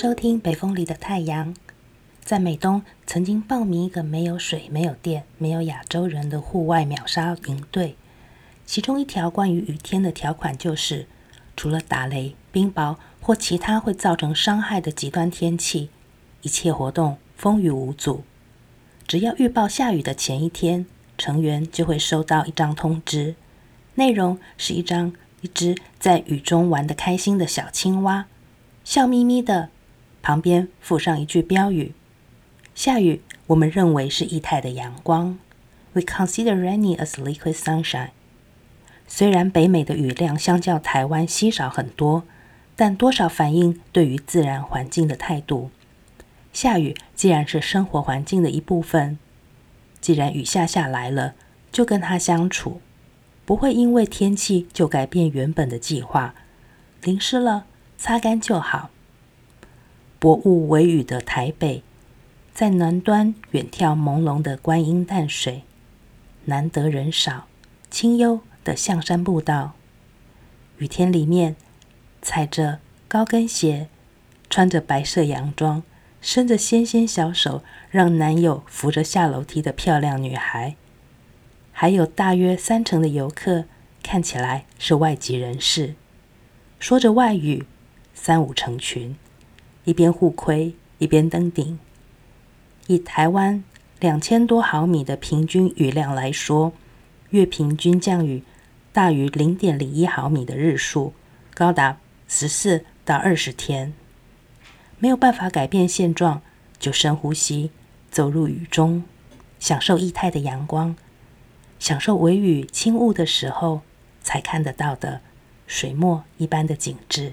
收聽北風裡的太陽。在美東曾經報名一個沒有水、沒有電、沒有亞洲人的戶外秒殺營隊。其中一條關於雨天的條款就是：除了打雷、冰雹或其他會造成傷害的極端天氣，一切活動風雨無阻。只要預報下雨的前一天，成員就會收到一張通知，內容是一張一只在雨中玩得開心的小青蛙，笑眯眯的。旁邊附上一句標語：“下雨，我們認為是液態的陽光。” We consider rainy as liquid sunshine。雖然北美的雨量相較台灣稀少很多，但多少反映對於自然環境的態度。下雨既然是生活環境的一部分，既然雨下下來了，就跟它相處，不會因為天氣就改變原本的計劃。淋濕了，擦乾就好。薄霧微雨的台北，在南端遠眺朦朧的觀音淡水，難得人少，清幽的象山步道。雨天裡面，踩着高跟鞋，穿着白色洋裝，伸着纖纖小手，讓男友扶着下樓梯的漂亮女孩。還有大約三成的遊客看起來是外籍人士，說着外語，三五成群。一邊互虧，一邊登頂。以台灣兩千多毫米的平均雨量來說，月平均降雨大於零點零一毫米的日數高達十四到二十天。沒有辦法改變現狀，就深呼吸，走入雨中，享受液態的陽光，享受微雨輕霧的時候才看得到的水墨一般的景致。